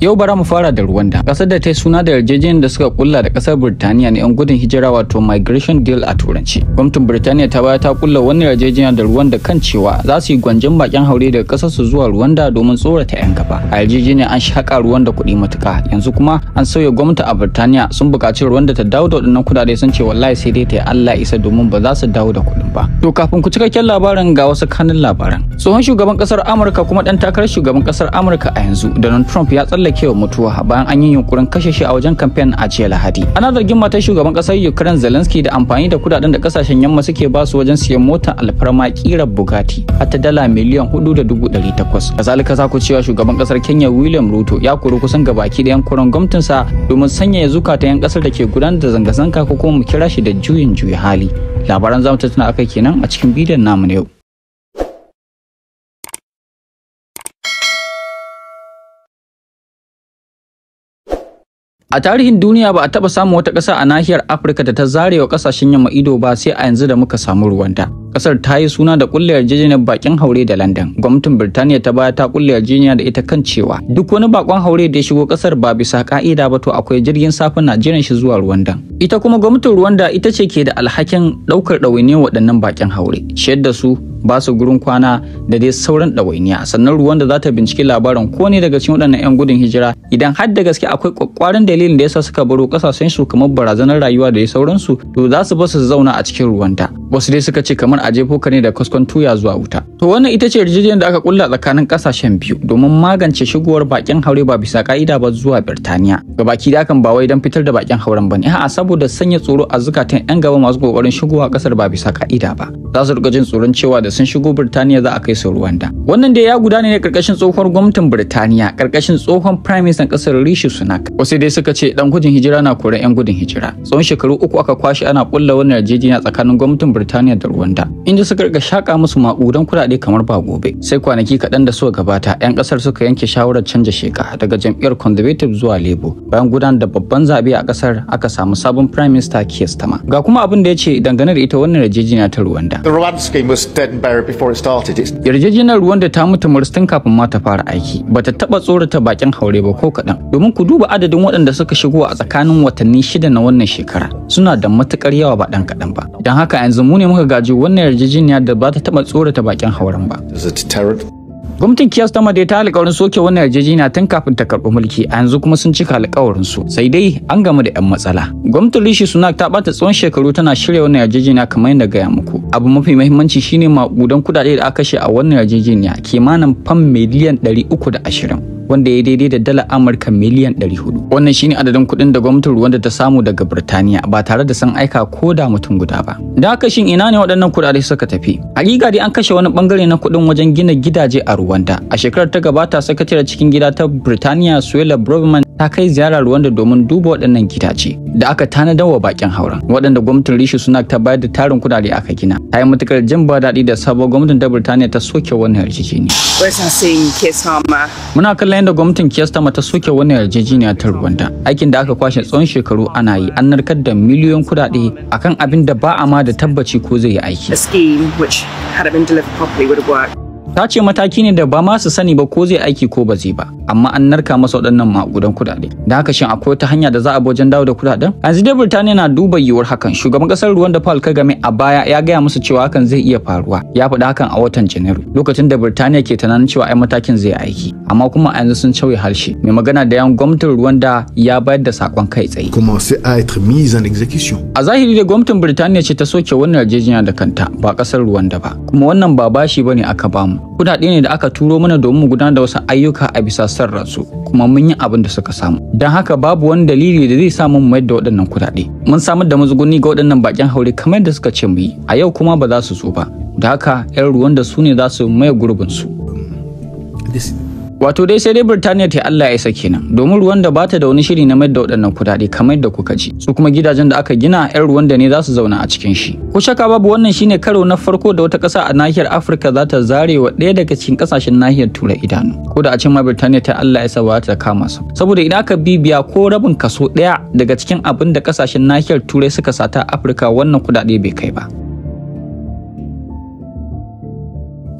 Yau bara mu fara da Rwanda, kasar da ta suna da yarjejeniyar da suka kulla da ƙasar Birtaniya ne 'yan gudun hijira wato Migration Deal a Turanci. Gwamnatin Birtaniya ta baya ta kulla wannan yarjejeniya da Rwanda kan cewa za su yi gwanjin bakin haure daga ƙasar su zuwa Rwanda domin tsorata 'yan gaba. A yarjejeniyar an shaƙa Rwanda kuɗi matuka. yanzu kuma an sauya gwamnati a Birtaniya sun buƙaci Rwanda ta dawo da waɗannan kuɗaɗe sun ce wallahi sai dai ta yi Allah isa domin ba za su dawo da kuɗin ba. To kafin ku cikakken labarin ga wasu kanin labaran. Tsohon shugaban kasar Amurka kuma ɗan takarar shugaban kasar Amurka a yanzu Donald Trump ya tsallake mallakewa mutuwa bayan an yi yunkurin kashe shi a wajen kamfen a jiya Lahadi. Ana zargin matar shugaban kasar Ukraine Zelensky da amfani da kudaden da kasashen yamma suke ba su wajen siyan motar alfarma kira Bugatti a ta dala miliyan takwas Kazalika za ku cewa shugaban kasar Kenya William Ruto ya kori kusan gabaki da yankuran sa domin sanyaya zukata yan kasar da ke gudanar da zanga-zanga ko kuma mu kira shi da juyin juya hali. Labaran zamu tattauna akai kenan a cikin bidiyon namu na yau. A tarihin duniya ba a taɓa samun wata ƙasa a nahiyar Afirka da ta zarewa ƙasashen yamma ido ba sai a yanzu da muka samu ruwanta. Kasar ta yi suna da kulle yarjejeniyar bakin haure da London. Gwamnatin Birtaniya ta baya ta kulle yarjejeniya da ita kan cewa duk wani bakon haure da ya shigo kasar ba bisa ka'ida ba to akwai jirgin safin Najeriya shi zuwa Rwanda. Ita kuma gwamnatin Rwanda ita ce ke da alhakin daukar ɗawainiyar waɗannan bakin haure. da su ba su gurin kwana da dai sauran ɗawainiya sannan ruwan da za ta binciki labarin ko ne daga cikin waɗannan 'yan gudun hijira idan har da gaske akwai kwakwaran dalilin da yasa suka baro kasashen su kamar barazanar rayuwa da sauransu to za su ba su zauna a cikin ruwanta wasu dai suka ce kamar domin a jefo ka ne da kaskon tuya zuwa wuta to wannan ita ce yarjejeniyar da aka kulla tsakanin kasashen biyu domin magance shigowar bakin haure ba bisa ka'ida ba zuwa birtaniya gabaki da kan ba wai don fitar da bakin hauren ba ne saboda sanya tsoro a zukatan yan gaba masu kokarin shigowa kasar ba bisa ka'ida ba za su rika jin tsoron cewa da sun shigo birtaniya za a kai su ruwanda wannan da ya gudana ne karkashin tsohon gwamnatin birtaniya karkashin tsohon prime minister kasar rishi sunak wasu dai suka ce dan gudun hijira na kore yan gudun hijira tsawon shekaru uku aka kwashi ana kulla wannan yarjejeniya tsakanin gwamnatin birtaniya da ruwanda inda suka rika shaka musu makudan kuɗaɗe kamar ba gobe sai kwanaki kaɗan da suka gabata 'yan ƙasar suka yanke shawarar canja sheka daga jam'iyyar conservative zuwa labour bayan gudanar da babban zaɓe a ƙasar aka samu sabon prime minister keir starmer ga kuma abin da ya ce dangane da ita wannan yarjejeniya ta ruwanda yarjejeniyar Rwanda ta mutu murstin kafin ma ta fara aiki bata taba tsorata bakin haure ba ko kaɗan domin ku duba adadin waɗanda suka shigo a tsakanin watanni shida na wannan shekara suna da matuƙar yawa ba ɗan kaɗan ba don haka yanzu mu ne muka gaji wannan wannan yarjejeniya da ba ta tsorata bakin hauren ba. Gwamnatin Kiyas ta Madai ta alƙawarin soke wannan yarjejeniya tun kafin ta karɓi mulki a yanzu kuma sun cika alƙawarin su sai dai an gamu da 'yan matsala. Gwamnatin Rishi Sunak ta ɓata tsawon shekaru tana shirya wannan yarjejeniya kamar yadda gaya muku. Abu mafi muhimmanci shine maƙudan kuɗaɗe da aka kashe a wannan yarjejeniya kimanin fam miliyan ashirin. wanda ya daidai da dala Amurka miliyan 400. Wannan shine adadin kuɗin da gwamnatin da ta samu daga Birtaniya ba tare da san aika ko da mutum guda ba. Da haka shin ina ne waɗannan kuɗaɗe suka tafi? Hakika dai an kashe wani bangare na kuɗin wajen gina gidaje a Rwanda. A shekarar ta gabata sakataren cikin gida ta Birtaniya Suella Braverman ta kai ziyara ruwanda domin duba waɗannan gidaje da aka tanadar wa bakin hauren waɗanda gwamnatin Rishi suna ta bayar da tarin kudade aka gina. Ta yi matukar jin ba daɗi da sabon gwamnatin ta Birtaniya ta soke wannan yarjejeniya. Kesama. Muna kallon yadda gwamnatin Kiyastama ta soke wannan yarjejeniya ta Rwanda. Aikin da aka kwashe tsawon shekaru ana yi an narkar da miliyoyin kudade akan abin da ba a ma da tabbaci ko zai yi aiki. A scheme which ta ce mataki ne da ba ma su sani ba ko zai aiki ko ba zai ba amma an narka masa waɗannan maƙudan kuɗaɗe da haka shin akwai wata hanya da za a wajen dawo da kuɗaɗen yanzu dai Birtaniya na duba yiwuwar hakan shugaban ƙasar ruwan da Paul Kagame a baya ya gaya musu cewa hakan zai iya faruwa ya faɗi hakan a watan Janairu lokacin da Birtaniya ke tunanin cewa ai matakin zai aiki amma kuma yanzu sun cauye harshe mai magana da yan gwamnatin ruwan da ya bayar da sakon kai tsaye a zahiri da gwamnatin Birtaniya ce ta soke wannan yarjejeniya da kanta ba ƙasar ruwan da ba kuma wannan ba bashi bane aka bamu kudade ne da aka turo mana domin mu gudanar da wasu ayyuka a bisa sarransu kuma mun yi abin da suka samu don haka babu wani dalili da zai sa mu mayar da waɗannan kudade mun samar da mazuguni ga waɗannan bakin haure kamar da suka ce mu yi a yau kuma ba za su zo ba da haka 'yan ruwan da su ne za su maye gurbin su um, wato dai sai dai birtaniya ta allah ya isa kenan domin ruwan da bata da wani shiri na mai da waɗannan kuɗaɗe kamar yadda kuka ji su kuma gidajen da aka gina yan ruwan da ne za su zauna a cikin shi ko shaka babu wannan shine karo na farko da wata ƙasa a nahiyar afirka za ta zare wa ɗaya daga cikin ƙasashen nahiyar turai idanu ko da a cin ma birtaniya ta allah ya isa ta kama su saboda idan aka bibiya ko rabin kaso ɗaya daga cikin abin da ƙasashen nahiyar turai suka sata afirka wannan kuɗaɗe bai kai ba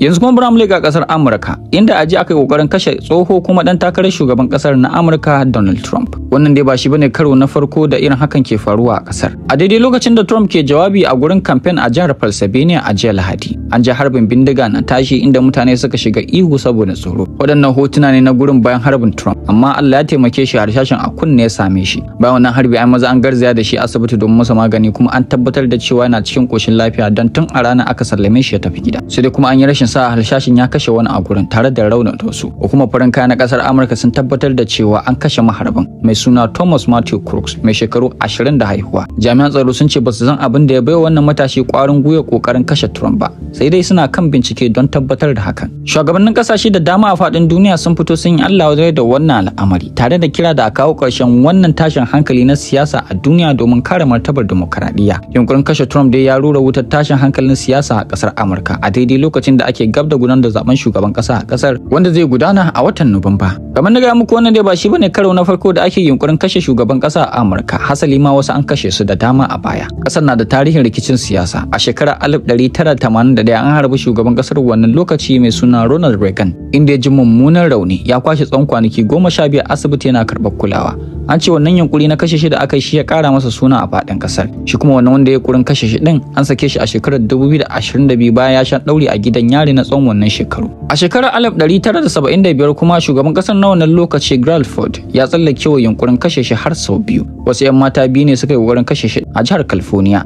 yanzu kuma bari mu kasar ƙasar amurka inda aji aka yi kokarin kashe tsoho kuma dan takarar shugaban ƙasar na amurka donald trump wannan dai ba shi bane karo na farko da irin hakan ke faruwa a ƙasar a daidai lokacin da trump ke jawabi a gurin kamfen a jihar pennsylvania a jiya lahadi an ji harbin bindiga na tashi inda mutane suka shiga ihu saboda tsoro waɗannan hotuna ne na gurin bayan harbin trump amma allah ya taimake shi harshashin a kunne ya same shi bayan wannan harbi ai maza an garzaya da shi asibiti domin masa magani kuma an tabbatar da cewa yana cikin ƙoshin lafiya dan tun a rana aka sallame shi ya tafi gida sai dai kuma an yi sa harsashin ya kashe wani a gurin tare da raunata wasu hukumar farin kaya na kasar amurka sun tabbatar da cewa an kashe maharbin. mai suna thomas matthew crooks mai shekaru 20 da haihuwa jami'an tsaro sun ce ba su san abin da ya baiwa wannan matashi kwarin gwiwa kokarin kashe trump ba sai dai suna kan bincike don tabbatar da hakan shugabannin kasashe da dama a faɗin duniya sun fito sun yi allah da wannan al'amari tare da kira da a kawo ƙarshen wannan tashin hankali na siyasa a duniya domin kare martabar demokaradiyya yunkurin kashe trump dai ya rura wutar tashin hankalin siyasa a kasar amurka a daidai lokacin da ake ke gab da gudanar da zaben shugaban kasa a kasar wanda zai gudana a watan Nuwamba. Kamar na gaya muku wannan dai ba shi bane karo na farko da ake yunkurin kashe shugaban kasa a Amurka. Hasali ma wasu an kashe su da dama a baya. Kasar na da tarihin rikicin siyasa. A shekarar 1981 an harbi shugaban kasar wannan lokaci mai suna Ronald Reagan inda ya ji mummunan rauni ya kwashe tsawon kwanaki goma sha biyar asibiti yana karɓar kulawa. an ce wannan yunkuri na kashe shi da aka yi shi ya kara masa suna a fadin kasar shi kuma wannan wanda ya kurin kashe shi din an sake shi a shekarar 2022 bayan ya sha dauri a gidan yari na tsawon wannan shekaru a shekarar 1975 kuma shugaban kasar na wannan lokaci Gralford ya tsallake wa yunkurin kashe shi har sau biyu wasu 'yan mata biyu ne suka yi wurin kashe shi a jihar California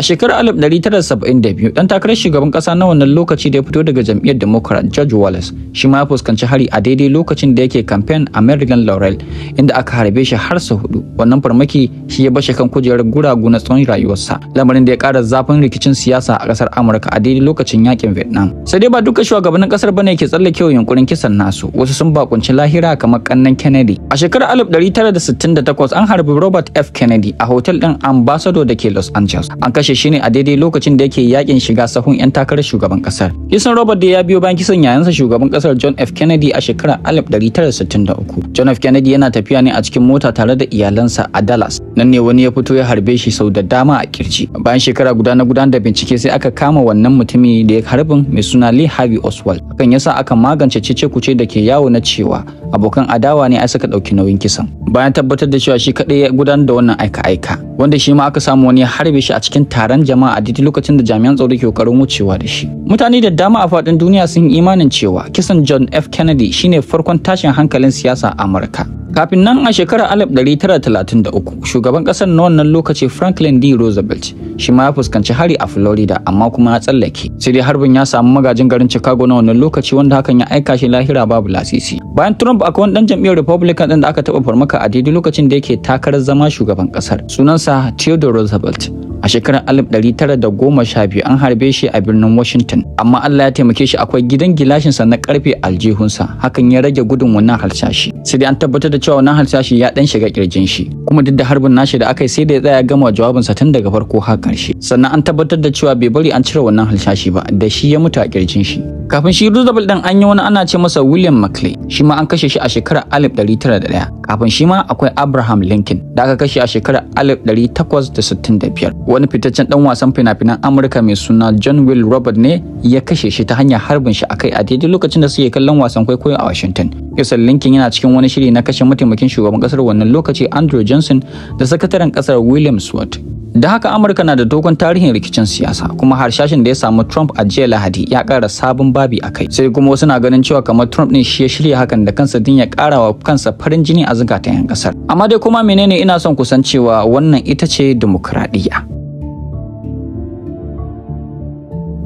A shekarar 1972, ɗan takarar shugaban ƙasa na wannan lokaci da ya fito daga jam'iyyar Democrat George Wallace, shi ma ya fuskanci hari a daidai lokacin da yake kamfen a Maryland Laurel inda aka harbe shi har sa hudu. Wannan farmaki shi ya bashe kan kujerar guragu na tsawon rayuwarsa. Lamarin da ya kara zafin rikicin siyasa a kasar Amurka a daidai lokacin yakin Vietnam. Sai dai ba duka shugabannin kasar bane ke tsallake yunkurin kisan nasu. Wasu sun bakunci lahira kamar kannan Kennedy. A shekarar 1968 an harbi Robert F Kennedy a hotel ɗin Ambassador da ke Los Angeles. An kashe shi ne a daidai lokacin da yake yakin shiga sahun 'yan takarar shugaban kasar. Kisan Robert da ya biyo bayan kisan yayansa shugaban kasar John F Kennedy a shekarar 1963. John F. Kennedy yana tafiya ne a cikin mota tare da iyalansa a Dallas. Nan ne wani ya fito ya harbe shi sau da dama a kirji. Bayan shekara guda na gudanar da bincike sai aka kama wannan mutumin da ya harbin mai suna Lee Harvey Oswald. Hakan yasa aka magance cece-kuce da ke yawo na cewa abokan adawa ne ai suka ɗauki nauyin kisan bayan tabbatar da cewa shi kaɗai ya gudanar da wannan aika-aika wanda shi ma aka samu wani harbi harbe shi a cikin taron jama'a a didi lokacin da jami'an tsaro ke kokarin wucewa da shi mutane da dama a faɗin duniya sun yi imanin cewa kisan John F Kennedy shine farkon tashin hankalin siyasa a Amurka kafin nan a shekarar 1933 shugaban ƙasar na wannan lokaci Franklin D Roosevelt shi ma ya fuskanci hari a Florida amma kuma ya tsallake sai dai harbin ya samu magajin garin Chicago na wannan lokaci wanda hakan ya aika shi lahira babu lasisi bayan Trump akwai wani dan jam'iyyar Republican din da aka taba farmaka a daidai lokacin da yake takarar zama shugaban kasar sunansa Theodore Roosevelt a shekarar alif da goma sha biyu an harbe shi a birnin Washington amma Allah ya taimake shi akwai gidan gilashinsa na karfe aljihunsa hakan ya rage gudun wannan harsashi sai dai an tabbatar da cewa wannan harsashi ya dan shiga kirjin shi kuma duk da harbin nashi da aka yi sai da ya tsaya gama jawabinsa tun daga farko har karshe sannan an tabbatar da cewa bai bari an cire wannan harsashi ba da shi ya mutu a kirjin shi kafin shi Roosevelt din an yi wani ana ce masa William Macleay. shi ma an kashe shi a shekarar 1901 kafin shi ma akwai Abraham Lincoln da aka kashe a shekarar da 1865 wani fitaccen dan wasan fina-finan amurka mai suna john will robert ne ya kashe shi ta hanyar harbin shi akai a daidai lokacin da suke kallon wasan kwaikwayo a washington yusuf lincoln yana cikin wani shiri na kashe mataimakin shugaban kasar wannan lokaci andrew johnson da sakataren kasar william swart da haka amurka na da dogon tarihin rikicin siyasa kuma harshashin da ya samu trump a jiya lahadi ya kara sabon babi a kai sai kuma wasu na ganin cewa kamar trump ne shi ya shirya hakan da kansa din ya kara wa kansa farin jini a zukatan 'yan kasar amma dai kuma menene ina son kusan cewa wannan ita ce dimokuraɗiyya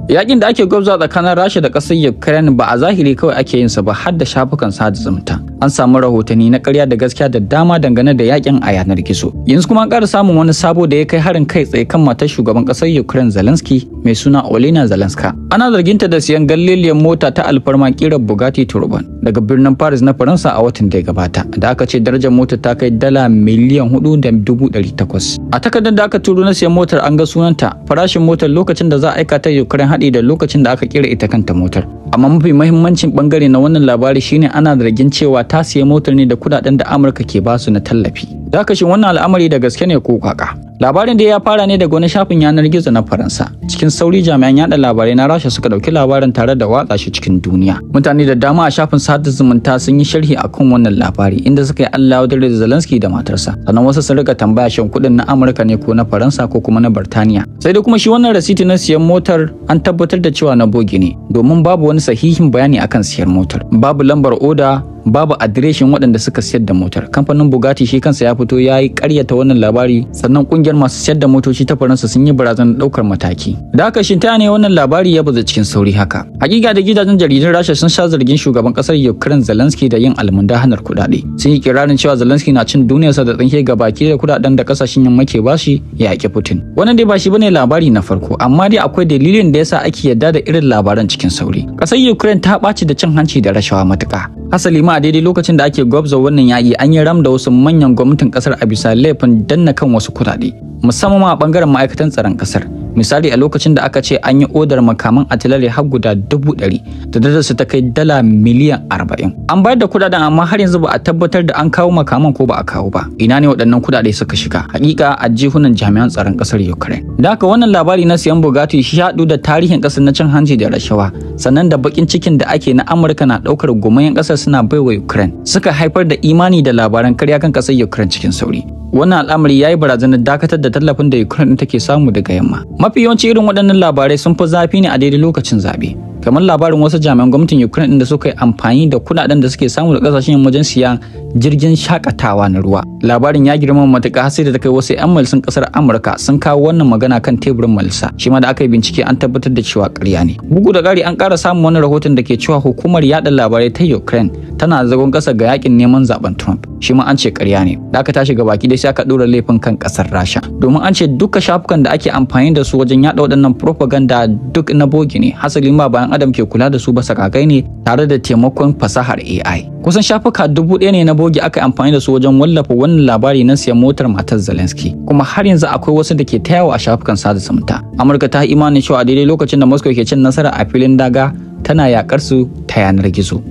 Yakin da ake gwabza tsakanin Rasha da ƙasar Ukraine ba a zahiri kawai ake yin sa ba har da shafukan sada zumunta. An samu rahotanni na ƙarya da gaskiya da dama dangane da yakin a yanar gizo. Yanzu kuma an ƙara samun wani sabo da ya kai harin kai tsaye kan matar shugaban ƙasar Ukraine Zelensky mai suna Olena Zelenska. Ana zargin ta da siyan galliliyar mota ta alfarma kira Bugatti Turban daga birnin Paris na Faransa a watan da ya gabata, da aka ce darajar motar ta kai dala miliyan hudu da dubu ɗari takwas. A takardar da aka turo na siyan motar an ga sunanta, farashin motar lokacin da za a aika ta Ukraine haɗi da lokacin da aka kira ita kanta motar. Amma mafi mahimmancin bangare na wannan labari shine ana zargin cewa ta siya motar ne da kudaden da Amurka ke basu na tallafi. Da aka shi wannan al'amari da gaske ne ko kaka? Labarin da ya fara ne daga wani shafin yanar gizo na Faransa. Cikin sauri jami'an yaɗa labarai na Rasha suka dauki labarin tare da watsa shi cikin duniya. Mutane da dama a shafin sada zumunta sun yi sharhi akan wannan labari inda suka yi Allah da Zelensky da matarsa. Sannan wasu sun rika tambaya shin kuɗin na Amurka ne ko na Faransa ko kuma na Birtaniya. Sai da kuma shi wannan rasiti na siyan motar an tabbatar da cewa na bogi ne domin babu wani sahihin bayani akan siyar motar babu lambar oda babu adireshin waɗanda suka siyar da motar kamfanin bugatti shi kansa ya fito ya yi ƙaryata wannan labari sannan ƙungiyar masu siyar da motoci ta faransa sun yi barazanar ɗaukar mataki da haka shi ne wannan labari ya baza cikin sauri haka hakika da gidajen jaridun rasha sun sha zargin shugaban ƙasar ukraine zelensky da yin almundahanar kuɗaɗe sun yi kirarin cewa zelensky na cin duniyarsa da tsinke gabaki da kuɗaɗen da kasashen yamma ke bashi ya yaƙi putin wannan dai ba shi bane labari na farko amma dai akwai dalilin da yasa ake yadda da irin labaran cikin sauri. Kasar Ukraine ta ɓaci da cin hanci da rashawa matuka. Hasali ma a daidai lokacin da ake gwabza wannan yaƙi an yi ram da wasu manyan gwamnatin ƙasar a bisa laifin danna kan wasu kuɗaɗe, musamman a ɓangaren ma'aikatan tsaron ƙasar. misali a lokacin da aka ce an yi odar makaman atilare har guda dubu ɗari da darasa ta kai dala miliyan arba'in an bayar da kudaden amma har yanzu ba a tabbatar da an kawo makaman ko ba a kawo ba ina ne waɗannan kudade suka shiga hakika a jihunan jami'an tsaron ƙasar ukraine da haka wannan labari na siyan bugatti shi haɗu da tarihin ƙasar na cin hanji da rashawa sannan da bakin cikin da ake na amurka na ɗaukar gumayen ƙasar suna baiwa ukraine suka haifar da imani da labaran karya kan ƙasar ukraine cikin sauri wannan al'amari ya yi barazanar dakatar da tallafin da ukraine take samu daga yamma mafi yawanci irin waɗannan labarai sun fi zafi ne a daidai lokacin zaɓe kamar labarin wasu jami'an gwamnatin ukraine inda suka yi amfani da kudaden da suke samu da kasashen wajen siya jirgin shakatawa na ruwa labarin ya girma matuƙa har sai da ta kai wasu 'yan malisan kasar amurka sun kawo wannan magana kan teburin malisa shi ma da aka yi bincike an tabbatar da cewa ƙarya ne bugu da ƙari an ƙara samun wani rahoton da ke cewa hukumar yaɗa labarai ta ukraine tana zagon ƙasa ga yakin neman zaben trump shi ma an ce ƙarya ne da aka tashi ga baki da sai aka ɗora laifin kan ƙasar rasha domin an ce duka shafukan da ake amfani da su wajen yada waɗannan propaganda duk na bogi ne hasali ma bayan adam ke kula da su ba sakakai ne tare da taimakon fasahar AI. Kusan shafuka dubu ɗaya ne na bogi aka amfani da su wajen wallafa wannan labari na siyan motar matar Zelensky. Kuma har yanzu akwai wasu da ke tayawa a shafukan sada zumunta. Amurka ta yi imanin cewa a daidai lokacin da Moscow ke cin nasara a filin daga tana yakar su ta yanar gizo.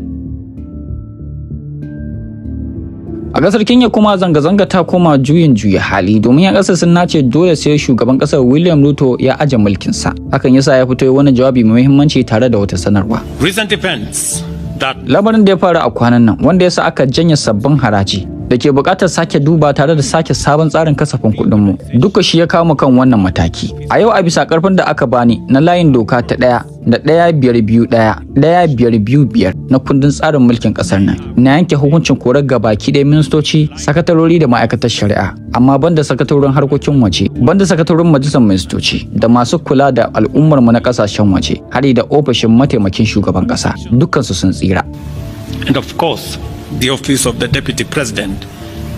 kasar kenya kuma zanga-zanga ta koma juyin juya hali domin yan kasar sun nace dole sai shugaban kasar william ruto ya aje mulkinsa hakan yasa ya fito wani jawabi mai muhimmanci tare da wata sanarwa recent labarin da ya faru a kwanan nan wanda yasa aka janye sabbin haraji da ke buƙatar sake duba tare da sake sabon tsarin kasafin kuɗin mu duka shi ya kawo kan wannan mataki a yau a bisa ƙarfin da aka bani na layin doka ta ɗaya da ɗaya biyar biyu ɗaya ɗaya biyar biyu biyar na kundin tsarin mulkin ƙasar nan na yanke hukuncin korar baki ɗaya ministoci sakatarori da ma'aikatar shari'a amma banda sakatorin harkokin waje banda sakatorin majalisar ministoci da masu kula da al'ummar mu na ƙasashen waje hari da ofishin mataimakin shugaban ƙasa dukkansu sun tsira and of course the office of the Deputy President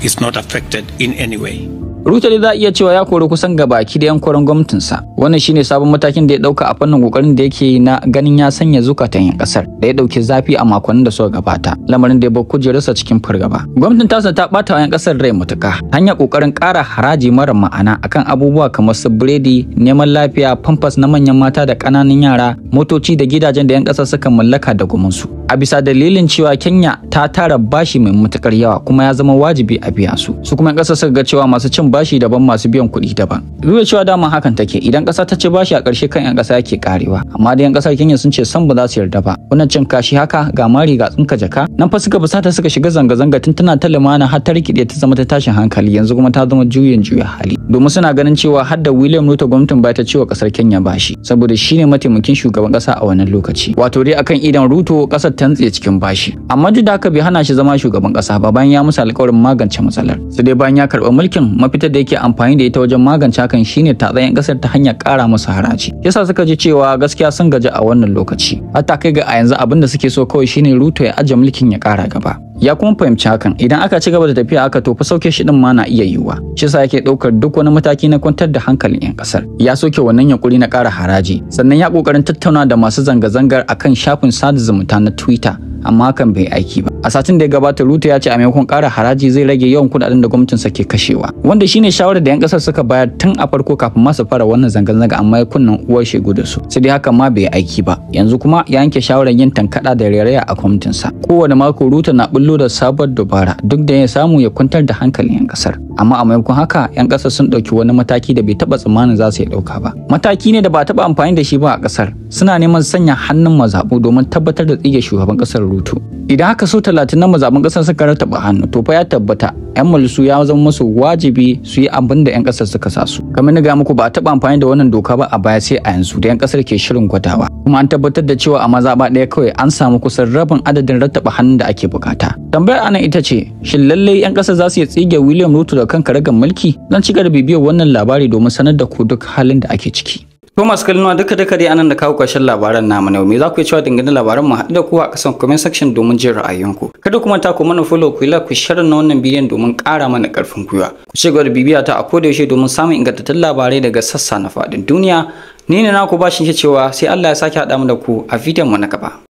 is not affected in any way. Ruta dai za a iya cewa ya kori kusan gabaki da yankuran gwamnatinsa. Wannan shine sabon matakin da ya dauka a fannin kokarin da yake na ganin ya sanya zukatan yan kasar da ya dauki zafi a makonnin da suka gabata. Lamarin da ya bar kujerarsa cikin fargaba. Gwamnatin tasa ta bata wa yan kasar rai mutuka. Hanya kokarin kara haraji mara ma'ana akan abubuwa kamar su biredi, neman lafiya, pampas na manyan mata da kananan yara, motoci da gidajen da yan kasar suka mallaka da su A bisa dalilin cewa Kenya ta tara bashi mai mutukar yawa kuma ya zama wajibi a biya su. Su kuma yan kasar suka ga cewa masu cin bashi daban masu biyan kuɗi daban duk da cewa dama hakan take idan ƙasa ta ci bashi a ƙarshe kan 'yan ƙasa yake karewa amma da 'yan ƙasar Kenya sun ce san ba za su yarda ba wannan cin kashi haka ga mari ga tsinka jaka nan fa suka fusata suka shiga zanga-zanga tun tana ta limana har ta rikide ta zama ta tashin hankali yanzu kuma ta zama juyin juya hali domin suna ganin cewa har da William Ruto gwamnatin ba ta ci wa ƙasar Kenya bashi saboda shine mataimakin shugaban ƙasa a wannan lokaci wato dai akan idan Ruto ƙasar ta nutse cikin bashi amma duk da haka bai hana shi zama shugaban ƙasa ba bayan ya musa alƙawarin magance matsalar sai dai bayan ya karɓi mulkin mafita ita da yake amfani da ita wajen magance hakan shine yan kasar ta hanyar kara musu haraji yasa suka ji cewa gaskiya sun gaji a wannan lokaci hatta kai ga a yanzu abin da suke so kawai shine ruto ya aje mulkin ya kara gaba ya kuma fahimci hakan idan aka ci gaba da tafiya aka tofa sauke shi din ma na iya yiwuwa shi yasa yake ɗaukar duk wani mataki na kwantar da hankalin 'yan kasar ya soke wannan yankuri na kara haraji sannan ya kokarin tattauna da masu zanga-zangar akan shafin sada zumunta na twitter amma hakan bai aiki ba a satin da ya gabata ruta ya ce a maimakon ƙara haraji zai rage yawan kudaden da gwamnatin sa ke kashewa wanda shine shawarar da yan kasar suka bayar tun a farko kafin ma fara wannan zanga-zanga amma ya kunnan uwar shegu da su sai dai hakan ma bai aiki ba yanzu kuma ya yanke shawarar yin tankada da rairaya a gwamnatin sa kowane mako ruta na bullo da sabuwar dubara duk da ya samu ya kwantar da hankalin yan kasar amma a maimakon haka 'yan kasar sun ɗauki wani mataki da bai taba tsammanin za su iya ɗauka ba mataki ne da ba taba amfani da shi ba a kasar suna neman sanya hannun mazabu domin tabbatar da tsige shugaban kasar ruto idan haka so talatin na mazaɓun kasar suka rataba hannu to fa ya tabbata 'yan mulsu ya zama musu wajibi su yi abin da 'yan kasar suka sa su kamar ni ga muku ba a taɓa amfani da wannan doka ba a baya sai a yanzu da 'yan kasar ke shirin gwadawa kuma an tabbatar da cewa a mazaba ɗaya kawai an samu kusan rabin adadin rattaba hannun da ake bukata tambayar anan ita ce shin lallai 'yan kasar za su yi tsige william ruto da daga kan karagan mulki zan ci da bibiyar wannan labari domin sanar da ku duk halin da ake ciki Thomas Kalnuwa duka duka dai anan da kawo ƙarshen labaran namu ne. me za ku cewa dangane labaran mu haɗu da ku a ƙasan comment section domin jin ku kada kuma ta ku mana follow ku yi ku share na wannan bidiyon domin ƙara mana ƙarfin gwiwa ku ci gaba da bibiya ta a koda yaushe domin samun ingantattun labarai daga sassa na faɗin duniya ni ne naku bashin cewa sai Allah ya sake haɗa mu da ku a bidiyon mu na gaba